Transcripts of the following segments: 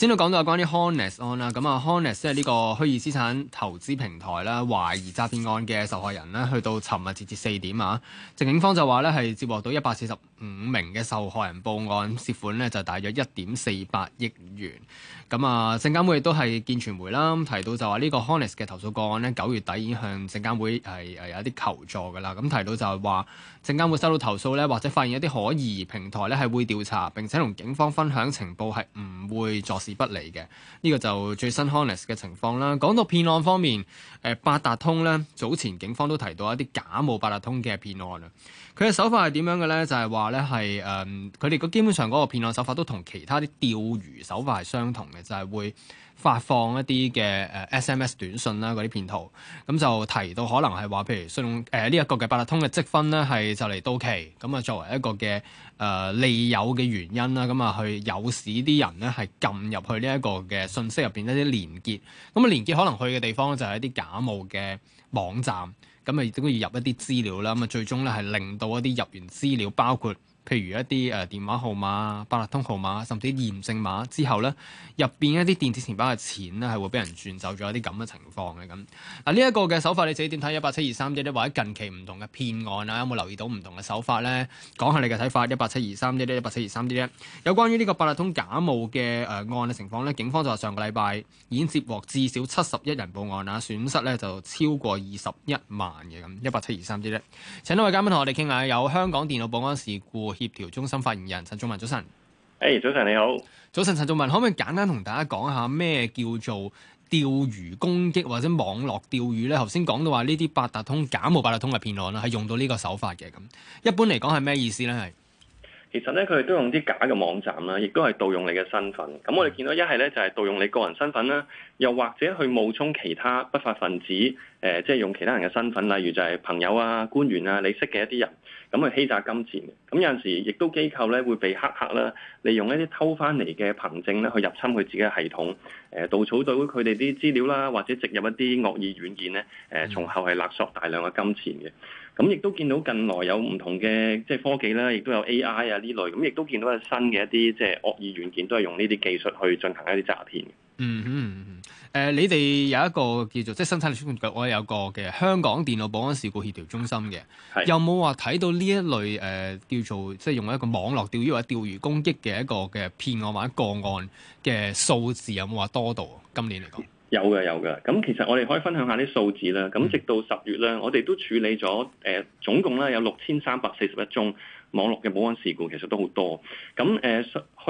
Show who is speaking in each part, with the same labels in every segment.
Speaker 1: 先都講到有關啲 Honest 案啦，咁啊 Honest 即係呢個虛擬資產投資平台啦，懷疑詐騙案嘅受害人啦，去到尋日截至四點啊，正警方就話咧係接獲到一百四十五名嘅受害人報案，涉款咧就大約一點四八億元。咁啊，證監會亦都係見傳媒啦，咁提到就話呢個 Honest 嘅投訴個案呢，九月底已經向證監會係係有啲求助嘅啦。咁提到就係話，證監會收到投訴呢，或者發現一啲可疑平台呢係會調查並且同警方分享情報，係唔會坐視不理嘅。呢、呢個就最新 Honest 嘅情況啦。講到騙案方面，誒八達通呢，早前警方都提到一啲假冒八達通嘅騙案啊。佢嘅手法係點樣嘅咧？就係話咧係誒，佢哋個基本上嗰個騙案手法都同其他啲釣魚手法係相同嘅，就係、是、會發放一啲嘅誒 SMS 短信啦，嗰啲騙徒咁就提到可能係話，譬如信誒呢一個嘅八達通嘅積分咧，係就嚟到期。咁啊，作為一個嘅誒、呃、利誘嘅原因啦，咁啊去誘使啲人咧係撳入去呢一個嘅信息入邊一啲連結。咁啊，連結可能去嘅地方就係一啲假冒嘅網站。咁咪應該要入一啲資料啦，咁啊，最終咧係令到一啲入完資料，包括，譬如一啲誒電話號碼、八達通號碼，甚至驗證碼之後呢入邊一啲電子錢包嘅錢呢係會俾人轉走咗一啲咁嘅情況嘅咁。嗱呢一個嘅手法，你自己點睇？一百七二三一，或者近期唔同嘅騙案啊，有冇留意到唔同嘅手法呢？講下你嘅睇法。一百七二三一咧，一八七二三一，有關於呢個八達通假冒嘅、呃、案嘅情況呢警方就話上個禮拜已經接獲至少七十一人報案啊，損失呢就超過二十一萬嘅咁。一百七二三啲一，請多位嘉賓同我哋傾下，有香港電腦保安事故協調中心發言人陳仲文早晨，誒、hey，早晨你好，早晨陳仲文，可唔可以簡單同大家講下咩叫做釣魚攻擊或者網絡釣魚呢？頭先講到話呢啲八達通假冒八達通嘅騙案啦，係用到呢個手法嘅咁，一般嚟講係咩意思呢？係？
Speaker 2: 其實咧，佢哋都用啲假嘅網站啦，亦都係盜用你嘅身份。咁我哋見到一係咧就係盜用你個人身份啦，又或者去冒充其他不法分子，誒、呃、即係用其他人嘅身份，例如就係朋友啊、官員啊、你識嘅一啲人，咁去欺詐金錢。咁有陣時亦都機構咧會被黑客啦，利用一啲偷翻嚟嘅憑證咧去入侵佢自己嘅系統，誒，盜取到佢哋啲資料啦，或者植入一啲惡意軟件咧，誒、呃、從後係勒索大量嘅金錢嘅。咁亦都見到近來有唔同嘅即係科技啦，亦、就是、都有 A I 啊呢類，咁亦都見到有新嘅一啲即係惡意軟件都係用呢啲技術去進行一啲
Speaker 1: 詐騙。嗯，嗯哼，誒、嗯呃，你哋有一個叫做即係生產力促進局，我有個嘅香港電腦保安事故協調中心嘅，是有冇話睇到呢一類誒、呃、叫做即係用一個網絡釣魚或者釣魚攻擊嘅一個嘅騙案或者個案嘅數字有冇話多到今年嚟講？
Speaker 2: 有嘅有嘅，咁其實我哋可以分享下啲數字啦。咁直到十月咧，我哋都處理咗誒總共咧有六千三百四十一宗網絡嘅保安事故，其實都好多。咁誒，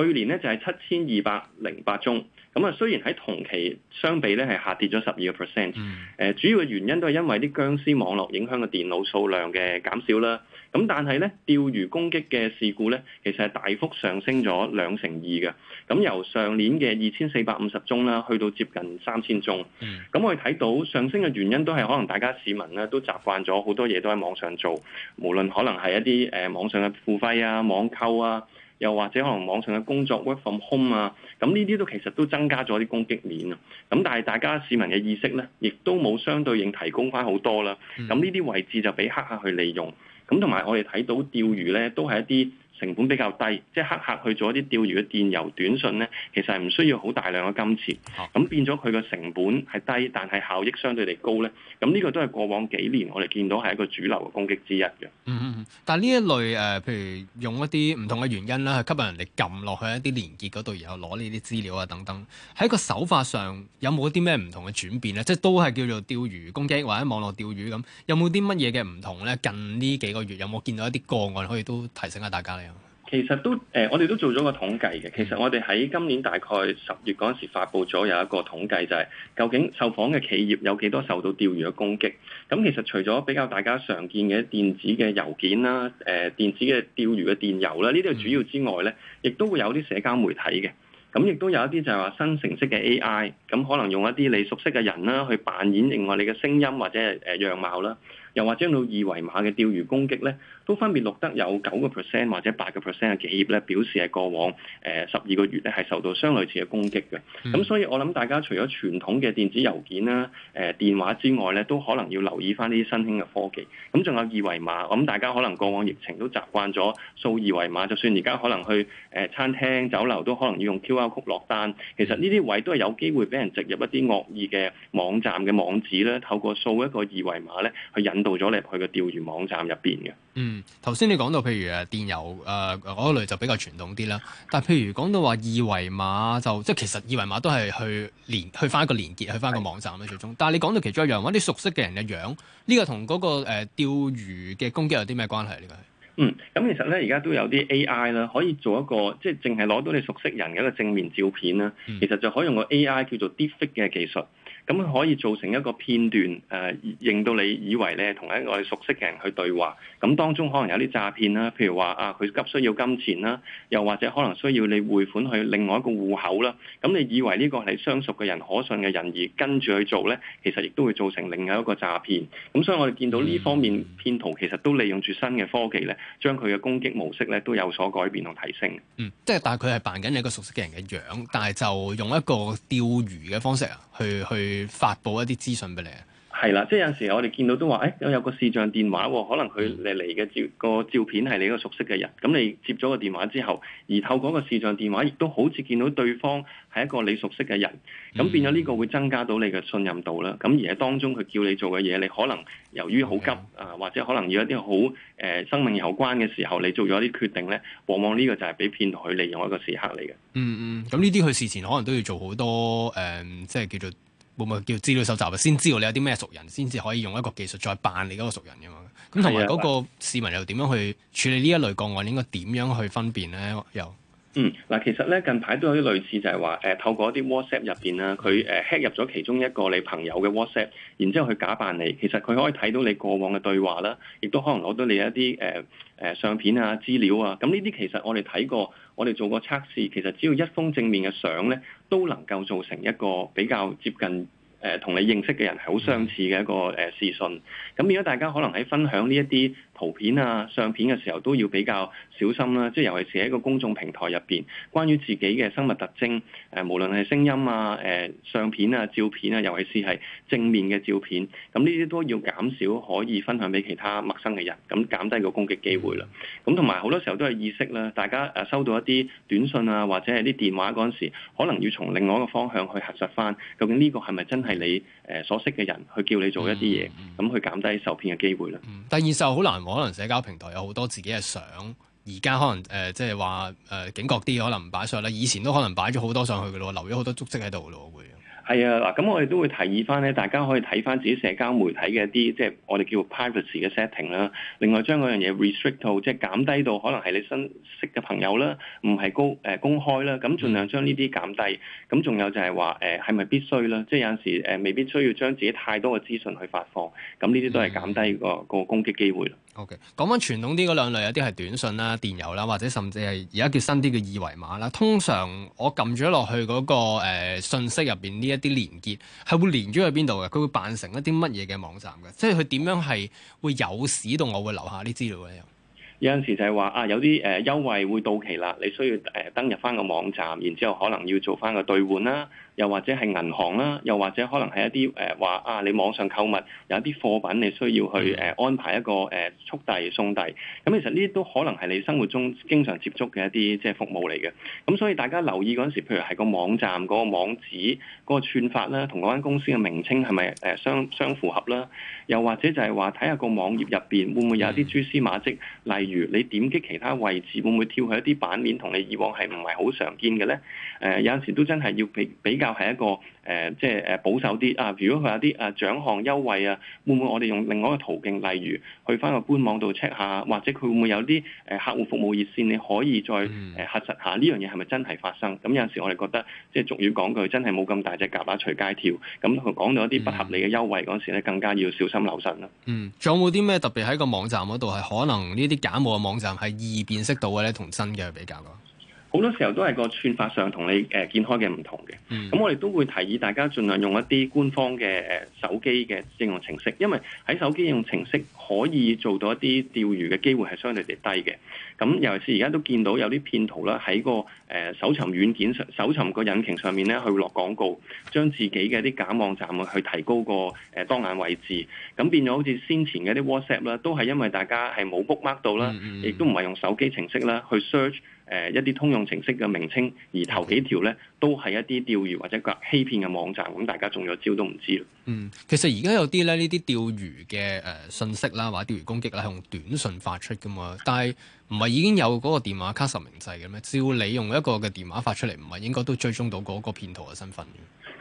Speaker 2: 去年咧就係七千二百零八宗。咁啊，雖然喺同期相比咧係下跌咗十二個 percent。誒，主要嘅原因都係因為啲僵屍網絡影響嘅電腦數量嘅減少啦。咁但係咧釣魚攻擊嘅事故咧，其實係大幅上升咗兩成二嘅。咁由上年嘅二千四百五十宗啦，去到接近三千宗。咁我哋睇到上升嘅原因都係可能大家市民咧都習慣咗好多嘢都喺網上做，無論可能係一啲誒、呃、網上嘅付費啊、網購啊，又或者可能網上嘅工作 work from home 啊，咁呢啲都其實都增加咗啲攻擊面啊。咁但係大家市民嘅意識咧，亦都冇相對應提供翻好多啦。咁呢啲位置就俾黑客去利用。咁同埋我哋睇到釣魚咧，都係一啲成本比較低，即係黑客去做一啲釣魚嘅電郵短訊咧，其實係唔需要好大量嘅金錢，咁、啊、變咗佢嘅成本係低，但係效益相對嚟高咧。咁呢個都係過往幾年我哋見到係一個主流嘅攻擊之一嘅、嗯。嗯
Speaker 1: 嗯，但係呢一類誒、呃，譬如用一啲唔同嘅原因啦，去吸引人哋撳落去一啲連結嗰度，然後攞呢啲資料啊等等，喺個手法上有冇啲咩唔同嘅轉變咧？即係都係叫做釣魚攻擊或者網絡釣魚咁，有冇啲乜嘢嘅唔同咧？近呢幾個月有冇見到一啲個案可以都提醒下大家咧？
Speaker 2: 其實都誒、呃，我哋都做咗個統計嘅。其實我哋喺今年大概十月嗰陣時發布咗有一個統計，就係究竟受訪嘅企業有幾多受到釣魚嘅攻擊？咁其實除咗比較大家常見嘅電子嘅郵件啦、誒、呃、電子嘅釣魚嘅電郵啦，呢啲係主要之外呢，亦都會有啲社交媒體嘅。咁亦都有一啲就係話生成式嘅 AI，咁可能用一啲你熟悉嘅人啦去扮演另外你嘅聲音或者誒樣貌啦。又或者用到二維碼嘅釣魚攻擊咧，都分別錄得有九個 percent 或者八個 percent 嘅企業咧，表示係過往誒十二個月咧係受到相類似嘅攻擊嘅。咁、嗯、所以我諗大家除咗傳統嘅電子郵件啦、啊、誒、呃、電話之外咧，都可能要留意返呢啲新興嘅科技。咁仲有二維碼，咁大家可能過往疫情都習慣咗掃二維碼，就算而家可能去誒、呃、餐廳、酒樓都可能要用 QR code 落單。其實呢啲位都係有機會俾人植入一啲惡意嘅網站嘅網址咧，透過掃一個二維碼咧去引。到咗你入去個釣魚網站入邊嘅。
Speaker 1: 嗯，頭先你講到譬如誒電郵誒嗰一類就比較傳統啲啦。但係譬如講到話二維碼，就即係其實二維碼都係去連去翻一個連結，去翻個網站啦。最終，但係你講到其中一樣揾你熟悉嘅人嘅樣，呢、這個同嗰、那個誒釣、呃、魚嘅攻擊有啲咩關係呢？嗯，
Speaker 2: 咁其實咧而家都有啲 A I 啦，可以做一個即係淨係攞到你熟悉人嘅一個正面照片啦。嗯、其實就可以用個 A I 叫做 diffic 嘅技術。咁可以造成一個片段，誒、呃，令到你以為你係同一個熟悉嘅人去對話，咁當中可能有啲詐騙啦，譬如話啊，佢急需要金錢啦，又或者可能需要你匯款去另外一個戶口啦，咁你以為呢個係相熟嘅人、可信嘅人而跟住去做咧，其實亦都會造成另外一個詐騙。咁所以我哋見到呢方面、嗯、騙徒其實都利用住新嘅科技咧，將佢嘅攻擊模式咧都有所改變同提升。嗯，
Speaker 1: 即係但係佢係扮緊一個熟悉嘅人嘅樣，但係就用一個釣魚嘅方式啊，去去。發佈一啲資訊俾你啊，
Speaker 2: 係啦，即係有陣時我哋見到都話，誒、欸，我有個視像電話，可能佢嚟嚟嘅照個照片係你個熟悉嘅人，咁、嗯、你接咗個電話之後，而透過個視像電話，亦都好似見到對方係一個你熟悉嘅人，咁變咗呢個會增加到你嘅信任度啦。咁而喺當中佢叫你做嘅嘢，你可能由於好急、嗯、啊，或者可能有一啲好誒生命有關嘅時候，你做咗啲決定咧，往往呢個就係俾騙徒佢利用一個時刻嚟嘅、嗯。
Speaker 1: 嗯嗯，咁呢啲佢事前可能都要做好多誒、嗯，即係叫做。會唔會叫資料搜集嘅先知道你有啲咩熟人，先至可以用一個技術再扮你嗰個熟人咁樣？咁同埋嗰個市民又點樣去處理呢一類個案？應該點樣去分辨咧？又？
Speaker 2: 嗯，嗱，其實咧近排都有啲類似就，就係話誒透過一啲 WhatsApp、呃、入邊啦，佢誒 hack 入咗其中一個你朋友嘅 WhatsApp，然之後佢假扮你，其實佢可以睇到你過往嘅對話啦，亦都可能攞到你一啲誒誒相片啊、資料啊，咁呢啲其實我哋睇過，我哋做過測試，其實只要一封正面嘅相咧，都能夠做成一個比較接近誒同、呃、你認識嘅人係好相似嘅一個誒、呃、視訊。咁變咗大家可能喺分享呢一啲圖片啊、相片嘅時候都要比較小心啦，即係尤其是喺一個公眾平台入邊，關於自己嘅生物特徵，誒、呃、無論係聲音啊、誒、呃、相片啊、照片啊，尤其是係正面嘅照片，咁呢啲都要減少可以分享俾其他陌生嘅人，咁減低個攻擊機會啦。咁同埋好多時候都係意識啦，大家誒收到一啲短信啊，或者係啲電話嗰陣時，可能要從另外一個方向去核實返，究竟呢個係咪真係你？誒所識嘅人去叫你做一啲嘢，咁、嗯嗯、去減低受騙嘅機會啦、嗯。
Speaker 1: 但係現實好難，可能社交平台有好多自己嘅相，而家可能誒，即係話誒警覺啲，可能唔擺上去啦。以前都可能擺咗好多上去嘅咯，留咗好多足跡喺度嘅咯會。
Speaker 2: 係啊，嗱咁我哋都會提議翻咧，大家可以睇翻自己社交媒體嘅一啲，即係我哋叫 privacy 嘅 setting 啦。另外將嗰樣嘢 restrict 到，即係減低到可能係你新識嘅朋友啦，唔係高誒、呃、公開啦。咁盡量將呢啲減低。咁仲、嗯、有就係話誒係咪必須啦？即係有陣時誒、呃、未必需要將自己太多嘅資訊去發放。咁呢啲都係減低個、嗯、個攻擊機會。O.K.
Speaker 1: 講翻傳統啲嗰兩類，有啲係短信啦、電郵啦，或者甚至係而家叫新啲嘅二維碼啦。通常我撳咗落去嗰、嗰個信、呃、息入邊呢？一啲連結係會連咗去邊度嘅？佢會扮成一啲乜嘢嘅網站嘅？即係佢點樣係會有使到我會留下啲資料咧？有有
Speaker 2: 陣時就係話啊，有啲誒、呃、優惠會到期啦，你需要誒、呃、登入翻個網站，然之後可能要做翻個兌換啦。啊又或者係銀行啦，又或者可能係一啲誒話啊，你網上購物有一啲貨品你需要去誒、呃、安排一個誒、呃、速遞送遞。咁、嗯、其實呢啲都可能係你生活中經常接觸嘅一啲即係服務嚟嘅。咁所以大家留意嗰陣時，譬如係個網站嗰、嗰個網址、嗰、嗰個串法啦，同嗰間公司嘅名稱係咪誒相相符合啦？又或者就係話睇下個網頁入邊會唔會有一啲蛛絲馬跡，例如你點擊其他位置會唔會跳去一啲版面，同你以往係唔係好常見嘅呢？誒、呃、有陣時都真係要俾俾。比較係一個誒、呃，即係誒保守啲啊。如果佢有啲誒獎項優惠啊，會唔會我哋用另外一個途徑，例如去翻個官網度 check 下，或者佢會唔會有啲誒客戶服務熱線，你可以再誒核、嗯呃、實下呢樣嘢係咪真係發生？咁有陣時我哋覺得即係俗語講句，真係冇咁大隻蛤乸隨街跳。咁講到一啲不合理嘅優惠嗰時咧，更加要小心留神
Speaker 1: 啦。嗯，仲有冇啲咩特別喺個網站嗰度係可能呢啲假冒嘅網站係易辨識到嘅咧？同真嘅比較咯。
Speaker 2: 好多時候都係個串法上你、呃、同你誒見開嘅唔同嘅，咁我哋都會提議大家儘量用一啲官方嘅誒、呃、手機嘅應用程式，因為喺手機應用程式可以做到一啲釣魚嘅機會係相對地低嘅。咁尤其是而家都見到有啲騙徒啦，喺個誒搜尋軟件上、搜尋個引擎上面咧去落廣告，將自己嘅啲假網站去提高個誒、呃、當眼位置，咁變咗好似先前嘅啲 WhatsApp 啦，都係因為大家係冇 book mark 到啦，亦都唔係用手機程式啦去 search。誒、呃、一啲通用程式嘅名稱，而頭幾條咧，都係一啲釣魚或者個欺騙嘅網站，咁大家中咗招都唔知。嗯，
Speaker 1: 其實而家有啲咧呢啲釣魚嘅誒、呃、信息啦，或者釣魚攻擊啦，係用短信發出㗎嘛，但係唔係已經有嗰個電話卡實名制嘅咩？照你用一個嘅電話發出嚟，唔係應該都追蹤到嗰個騙徒嘅身份？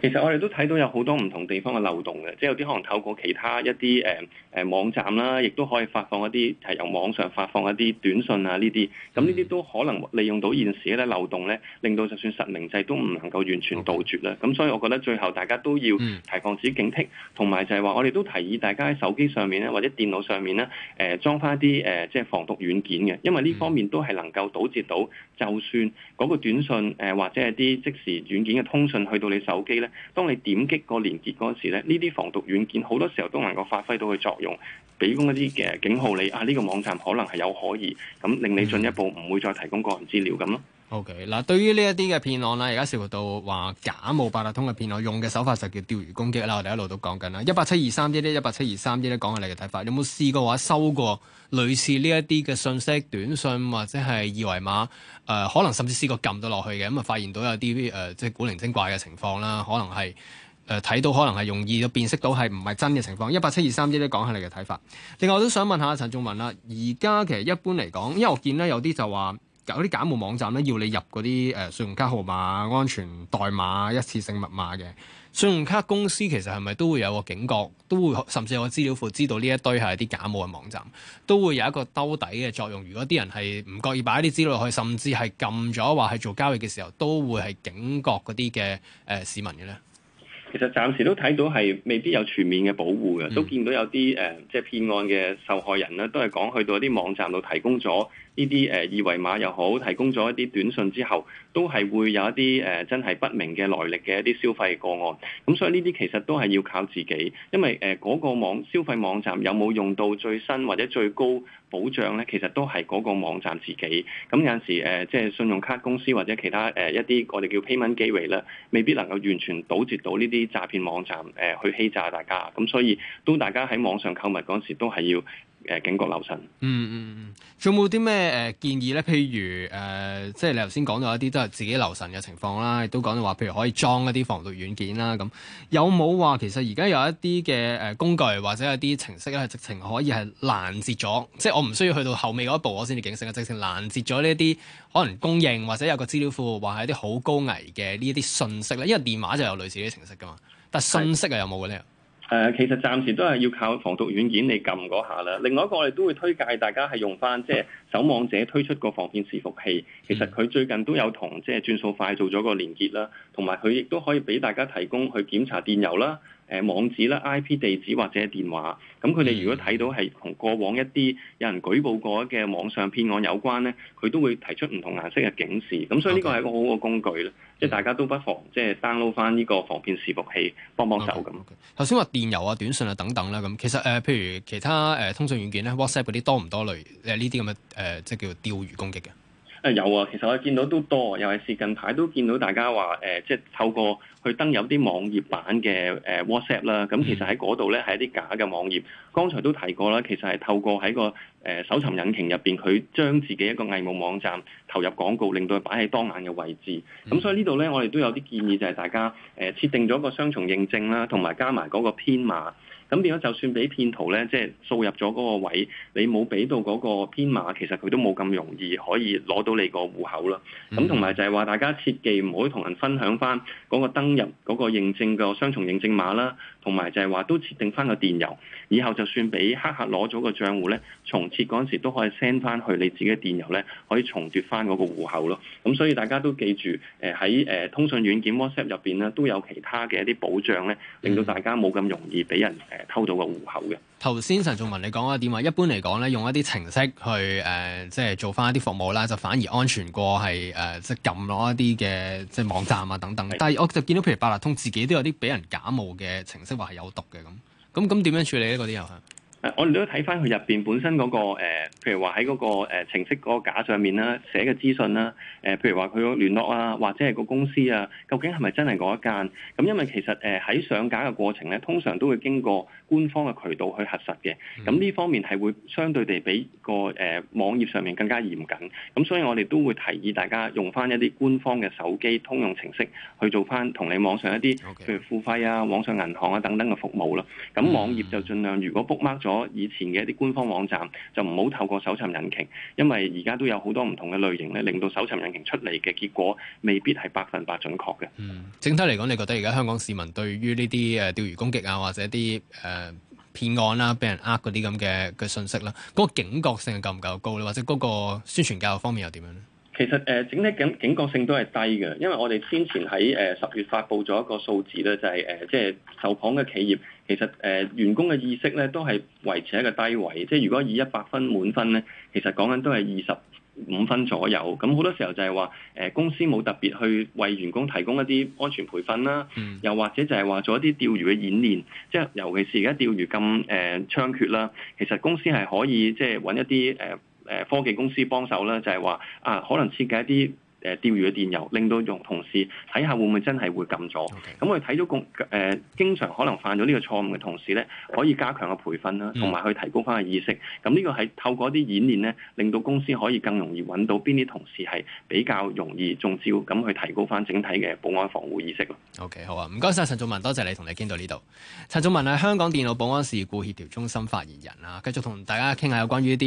Speaker 2: 其實我哋都睇到有好多唔同地方嘅漏洞嘅，即係有啲可能透過其他一啲誒誒網站啦，亦都可以發放一啲係由網上發放一啲短信啊呢啲，咁呢啲都可能利用到現時一啲漏洞咧，令到就算實名制都唔能夠完全杜絕啦。咁 Okay. 所以我覺得最後大家都要提防自己警惕，同埋就係話我哋都提議大家喺手機上面咧或者電腦上面咧誒、呃、裝翻一啲誒、呃、即係防毒軟件嘅，因為呢方面都係能夠堵截到，就算嗰個短信誒、呃、或者係啲即時軟件嘅通訊去到你手機咧。當你點擊個連結嗰陣時咧，呢啲防毒軟件好多時候都能夠發揮到佢作用，畀一啲嘅警號你啊，呢個網站可能係有可疑，咁令你進一步唔會再提供個人資料咁咯。
Speaker 1: O.K. 嗱、啊，對於呢一啲嘅騙案啦、啊，而家涉及到話假冒八達通嘅騙案，用嘅手法就叫釣魚攻擊啦。我哋一路都講緊啦，一八七二三一一，一八七二三一一，講下你嘅睇法。有冇試過話、啊、收過類似呢一啲嘅信息短信或者係二維碼？誒、呃，可能甚至試過撳到落去嘅，咁、呃、啊發現到有啲誒、呃，即古靈精怪嘅情況啦，可能係誒睇到，可能係容易嘅辨識到係唔係真嘅情況。一八七二三一一，講下你嘅睇法。另外我都想問下陳仲文啦、啊，而家其實一般嚟講，因為我見咧有啲就話。有啲假冒網站咧，要你入嗰啲誒信用卡號碼、安全代碼、一次性密碼嘅信用卡公司，其實係咪都會有個警覺，都會甚至有個資料庫知道呢一堆係啲假冒嘅網站，都會有一個兜底嘅作用。如果啲人係唔覺意擺啲資料落去，甚至係撳咗話係做交易嘅時候，都會係警覺嗰啲嘅誒市民嘅咧。
Speaker 2: 其實暫時都睇到係未必有全面嘅保護嘅，都見到有啲誒、呃、即係騙案嘅受害人咧，都係講去到一啲網站度提供咗。呢啲誒二維碼又好，提供咗一啲短信之後，都係會有一啲誒真係不明嘅來歷嘅一啲消費個案。咁所以呢啲其實都係要靠自己，因為誒嗰個網消費網站有冇用到最新或者最高保障呢？其實都係嗰個網站自己。咁有陣時誒，即係信用卡公司或者其他誒一啲我哋叫 payment gateway 咧，未必能夠完全堵截到呢啲詐騙網站誒去欺詐大家。咁所以都大家喺網上購物嗰陣時都係要。誒警覺留
Speaker 1: 神。嗯嗯嗯，仲有冇啲咩誒建議咧？譬如誒、呃，即係你頭先講到一啲都係自己留神嘅情況啦，亦都講到話，譬如可以裝一啲防毒軟件啦。咁有冇話其實而家有一啲嘅誒工具或者有啲程式咧，係直情可以係攔截咗？即係我唔需要去到後尾嗰一步，我先至警醒嘅，直情攔截咗呢一啲可能供應或者有個資料庫話係一啲好高危嘅呢一啲信息咧。因為電話就有類似啲程式㗎嘛，但係信息啊有冇嘅咧？
Speaker 2: 誒、呃，其實暫時都係要靠防毒軟件嚟撳嗰下啦。另外一個我哋都會推介大家係用返，即係守網者推出個防騙視伺服器。其實佢最近都有同即係轉數快做咗個連結啦，同埋佢亦都可以俾大家提供去檢查電郵啦、誒網址啦、IP 地址或者電話，咁佢哋如果睇到係同過往一啲有人舉報過嘅網上騙案有關咧，佢都會提出唔同顏色嘅警示。咁所以呢個係一個好好嘅工具咧，即係 Okay. 大家都不妨即係 download 翻呢個防騙視伺器幫幫手咁。
Speaker 1: 頭先話電郵啊、短信啊等等啦，咁其實誒、呃，譬如其他誒通訊軟件咧，WhatsApp 嗰啲多唔多類誒呢啲咁嘅誒，即係叫釣魚攻擊嘅？
Speaker 2: 誒有啊，其實我見到都多，尤其是近排都見到大家話誒、呃，即係透過去登入啲網頁版嘅誒、呃、WhatsApp 啦，咁其實喺嗰度呢，係一啲假嘅網頁。剛才都提過啦，其實係透過喺個誒、呃、搜尋引擎入邊，佢將自己一個偽冒網站投入廣告，令到佢擺喺當眼嘅位置。咁、嗯、所以呢度呢，我哋都有啲建議，就係大家誒設、呃、定咗個雙重認證啦，同埋加埋嗰個編碼。咁變咗，就算俾騙徒咧，即係掃入咗嗰個位，你冇俾到嗰個編碼，其實佢都冇咁容易可以攞到你個戶口咯。咁同埋就係話，大家切記唔可以同人分享翻嗰個登入嗰個認證個雙重認證碼啦，同埋就係話都設定翻個電郵。以後就算俾黑客攞咗個賬戶咧，重設嗰陣時都可以 send 翻去你自己嘅電郵咧，可以重奪翻嗰個戶口咯。咁所以大家都記住，誒喺誒通訊軟件 WhatsApp 入邊咧都有其他嘅一啲保障咧，令到大家冇咁容易俾人偷到個戶口
Speaker 1: 嘅。頭先陳仲文你講話點啊？一般嚟講咧，用一啲程式去誒、呃，即係做翻一啲服務啦，就反而安全過係誒、呃，即係撳落一啲嘅即係網站啊等等。的但係我就見到譬如八達通自己都有啲俾人假冒嘅程式，話係有毒嘅咁。咁咁點樣處理咧？嗰啲又係？
Speaker 2: 我哋都睇翻佢入邊本身嗰個誒，譬如話喺嗰個誒程式嗰個架上面啦，寫嘅資訊啦，誒，譬如話佢嘅聯絡啊，或者係個公司啊，究竟係咪真係嗰一間？咁因為其實誒喺上架嘅過程咧，通常都會經過官方嘅渠道去核實嘅。咁呢方面係會相對地比個誒網頁上面更加嚴謹。咁所以我哋都會提議大家用翻一啲官方嘅手機通用程式去做翻同你網上一啲，譬如付費啊、網上銀行啊等等嘅服務啦。咁網頁就儘量如果 b 我以前嘅一啲官方網站就唔好透過搜尋引擎，因為而家都有好多唔同嘅類型咧，令到搜尋引擎出嚟嘅結果未必係百分百準確嘅。嗯，
Speaker 1: 整體嚟講，你覺得而家香港市民對於呢啲誒釣魚攻擊啊，或者啲誒、呃、騙案啦、啊，俾人呃嗰啲咁嘅嘅信息啦、啊、嗰、嗰個警覺性夠唔夠高咧？或者嗰個宣傳教育方面又點樣咧？
Speaker 2: 其實誒整體警警覺性都係低嘅，因為我哋先前喺誒十月發布咗一個數字咧，就係誒即係受訪嘅企業其實誒員工嘅意識咧都係維持喺個低位，即係如果以一百分滿分咧，其實講緊都係二十五分左右。咁好多時候就係話誒公司冇特別去為員工提供一啲安全培訓啦，又或者就係話做一啲釣魚嘅演練，即係尤其是而家釣魚咁誒猖獗啦，其實公司係可以即係揾一啲誒。誒科技公司幫手啦，就係話啊，可能設計一啲誒釣魚嘅電郵，令到用同事睇下會唔會真係會撳咗。咁我哋睇到公誒經常可能犯咗呢個錯誤嘅同事咧，可以加強個培訓啦，同埋去提高翻個意識。咁呢、嗯、個係透過一啲演練咧，令到公司可以更容易揾到邊啲同事係比較容易中招，咁去提高翻整體嘅保安防護意識咯。OK，
Speaker 1: 好啊，唔該晒，陳仲文，多謝你同你傾到呢度。陳仲文係香港電腦保安事故協調中心發言人啦，繼續同大家傾下有關於啲。